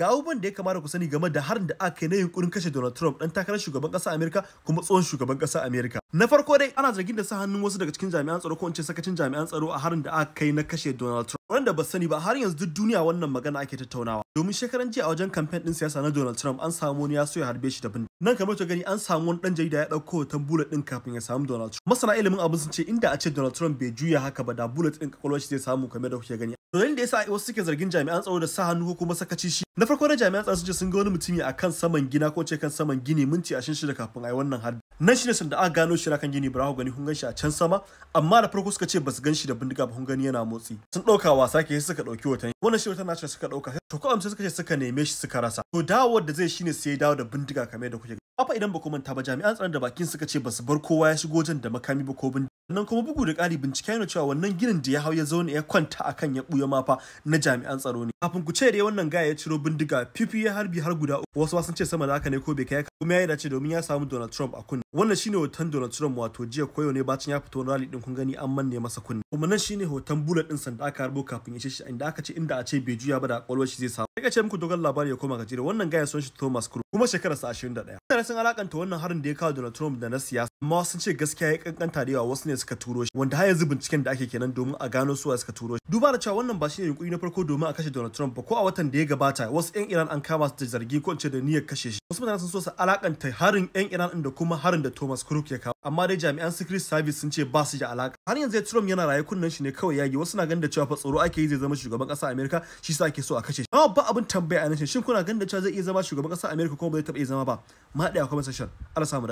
ga abubuwan da ya kamata ku sani game da harin da aka yi na yunkurin kashe Donald Trump dan takarar shugaban kasa Amerika kuma tsohon shugaban kasa Amerika. Na farko dai ana zargin da sa hannun wasu daga cikin jami'an tsaro ko in ce sakacin jami'an tsaro a harin da aka kai na kashe Donald Trump. Wanda ba sani ba har yanzu duk duniya wannan magana ake tattaunawa. Domin shekaran jiya a wajen kamfen din siyasa na Donald Trump an samu wani ya so ya harbe shi da bindi Nan kamar ta gani an samu wani dan jarida ya dauko hoton bullet din kafin ya samu Donald Trump. Masana ilimin abin sun ce inda a ce Donald Trump bai juya haka ba da bullet din kakwalwar shi zai samu kamar da kuke gani. Dalilin da yasa wasu suke zargin jami'an tsaro da sa hannu ko kuma sakaci shi. Na farko da jami'an tsaro sun ce sun ga wani mutumi a kan saman gina ko ce kan saman gini minti ashirin shida kafin a yi wannan harbi. Nan shi ne sanda aka gano shi kan gini barahu gani kun gan shi a can sama amma da farko suka ce basu gan shi da bindiga ba kun gani yana motsi. Sun ɗauka wasa ke suka ɗauki wata. Wannan shi wata na suka ɗauka. To ko amsa suka ce suka neme shi suka rasa. To dawowar da zai shine sai dawo da bindiga kamar yadda kuke Afa idan ba ku manta ba jami'an tsaron da bakin suka ce basu bar kowa ya shigo wajen da makami ba ko bin nan kuma bugu da ƙari bincike yana cewa wannan ginin da ya hau ya zauna ya kwanta a kan ya buya mafa na jami'an tsaro ne kafin ku ce dai wannan gaya ya ciro bindiga fifi ya harbi har guda uku wasu sun ce sama da haka ne ko bai kai kuma ya yi dace domin ya samu Donald Trump a kunne wannan shine hoton Donald Trump wato jiya koyo ne bacin ya fito rally din kun gani an manne masa kunni kuma nan shine hoton bullet din sanda aka harbo kafin ya shi inda aka ce inda a ce bai juya ba da kwalwar shi zai samu ka ce muku dogon labari ya koma gajere wannan gaya sun shi Thomas Cruz kuma shekarar sa 21 mutane sun alakanta wannan harin da ya kawo Donald Trump da na siyasa amma sun ce gaskiya ya kankanta da yawa wasu ne suka turo shi wanda har yanzu binciken da ake kenan domin a gano su suka turo shi duba da cewa wannan ba shine yunkuri na farko domin a kashe Donald Trump ba ko a watan da ya gabata wasu yan Iran an kama su da zargi ko da niyyar kashe shi wasu mutane sun so su alakanta harin yan Iran din da kuma harin da Thomas Crook ya kawo amma dai jami'an Secret Service sun ce ba su da alaka har yanzu Trump yana raye kunnen shi ne kawai yagi wasu na ganin da cewa fa tsoro ake yi zai zama shugaban kasa Amerika shi yasa ake so a kashe shi amma ba abin tambaya a nan shin kuna ganin da cewa zai iya zama shugaban kasa Amerika ko ba zai taɓa iya zama ba ma da comment section Allah samu